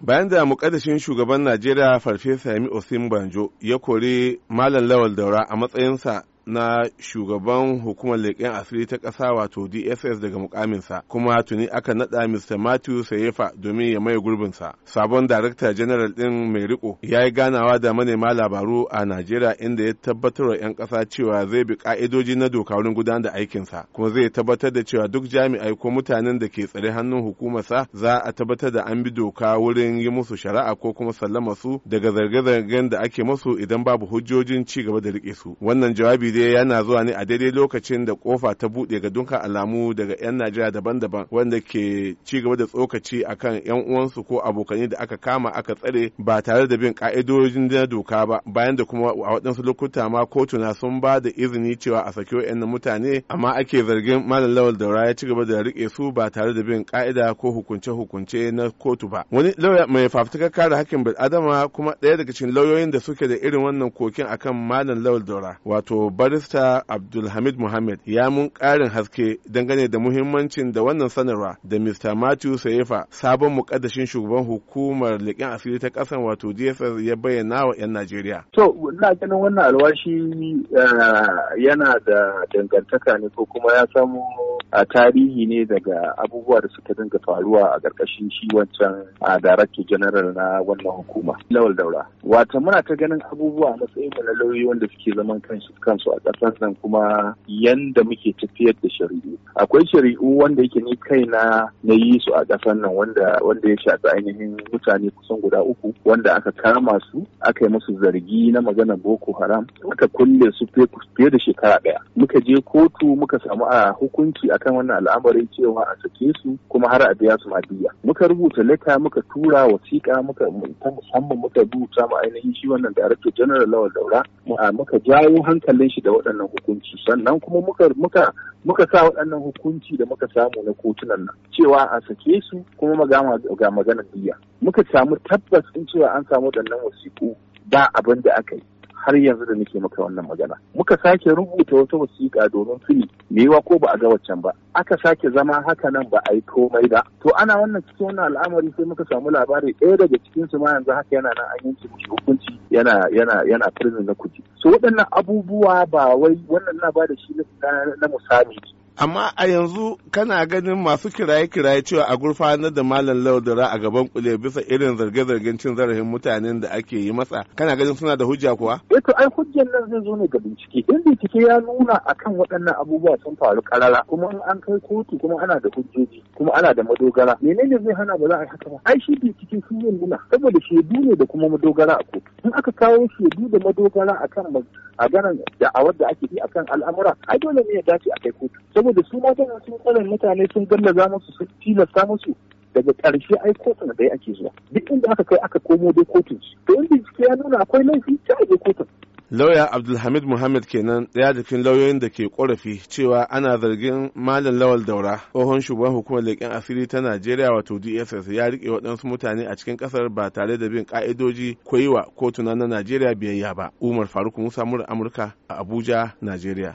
bayan da mukaddashin shugaban najeriya farfesa yami osin banjo ya kori malam lawal daura a matsayinsa na shugaban hukumar leƙen asiri ta ƙasa wato dss daga mukaminsa kuma tuni aka naɗa mr matthew sayefa domin ya maye gurbinsa sabon darakta general din mai riko ya yi ganawa da manema labaru a najeriya inda ya tabbatar wa 'yan ƙasa cewa zai bi ƙa'idoji na doka wurin gudanar da aikinsa kuma zai tabbatar da cewa duk jami'ai ko mutanen da ke tsare hannun hukumarsa za a tabbatar da an bi doka wurin yi musu shari'a ko kuma sallama su daga zarge-zargen da ake musu idan babu hujjojin ci gaba da riƙe su wannan jawabi dai yana zuwa ne a daidai lokacin da kofa ta buɗe ga dukkan alamu daga 'yan Najeriya daban-daban wanda ke ci gaba da tsokaci akan 'yan uwansu ko abokanai da aka kama aka tsare ba tare da bin ka'idojin da doka ba bayan da kuma a waɗansu lokuta ma kotuna sun ba da izini cewa a saki wa'yan mutane amma ake zargin malam lawal daura ya ci gaba da rike su ba tare da bin ka'ida ko hukunce-hukunce na kotu ba wani lauya mai fafutukar kare hakkin bil'adama kuma ɗaya daga cikin lauyoyin da suke da irin wannan kokin akan malam lawal daura wato barista abdulhamid muhammad ya mun karin haske dangane da muhimmancin da wannan sanarwa da mr matthew sayefa sabon mukaddashin shugaban hukumar leƙen asiri ta ƙasar wato dss ya bayyana wa 'yan najeriya to na ganin wannan alwashi eh, yana da dangantaka ne ko kuma ya samu a tarihi ne daga abubuwa da suka dinga faruwa a ƙarƙashin shi wancan a director general na wannan hukuma lawal daura wata muna ta ganin abubuwa a matsayin da lauyoyi wanda suke zaman kansu a ƙasar nan kuma yanda muke tafiyar da shari'u akwai shari'u wanda yake ni kaina na yi su a ƙasar nan wanda wanda ya shafi ainihin mutane kusan guda uku wanda aka kama su aka yi musu zargi na magana boko haram aka kulle su fiye da shekara ɗaya muka je kotu muka samu a hukunci a akan wannan al'amarin cewa a sake su kuma har a biya su madiya muka rubuta leta muka tura wasiƙa muka ta musamman muka rubuta ma ainihin shi wannan director general lawal daura muka jawo hankalin shi da waɗannan hukunci sannan kuma muka muka muka sa waɗannan hukunci da muka samu na kotunan nan cewa a sake su kuma ga maganar biya muka samu tabbas in cewa an samu waɗannan wasiƙu ba abin da aka yi har yanzu da nake maka wannan magana muka sake rubuta wata wasiƙa domin tuni me yiwa ko ba a ga waccan ba aka sake zama haka nan ba a yi komai ba to ana wannan cikin wannan al'amari sai muka samu labari ɗaya daga cikin su ma yanzu haka yana nan an yanke mishi hukunci yana yana yana prison na kuji so waɗannan abubuwa ba wai wannan na ba da shi na na musami amma a yanzu kana ganin masu kiraye-kiraye cewa a gurfanar da malam laudara a gaban kule bisa irin zarge-zargen cin zarafin mutanen da ake yi masa kana ganin suna da hujja kuwa eh to ai hujjar nan zai zo ne ga bincike in bincike ya nuna akan waɗannan abubuwa sun faru karara kuma in an kai kotu kuma ana da hujjoji kuma ana da madogara menene zai hana ba za a yi haka ba ai shi bincike sun yi nuna saboda shaidu ne da kuma madogara a kotu in aka kawo shaidu da madogara akan ganin da'awar da ake yi akan al'amura ai dole ne ya dace a kai kotu saboda su tana sun tsarin mutane sun za musu sun tilasta musu daga ƙarshe ai kotun ɗaya ake zuwa duk inda aka kai aka komo dai kotun to inda bincike ya nuna akwai laifi ta aje kotun lauya abdulhamid muhammad kenan ɗaya jikin lauyoyin da ke korafi cewa ana zargin malam lawal daura tsohon shugaban hukumar leƙen asiri ta najeriya wato dss ya rike waɗansu mutane a cikin ƙasar ba tare da bin ƙa'idoji ko yi wa kotuna na najeriya biyayya ba umar faruk musa mura amurka a abuja najeriya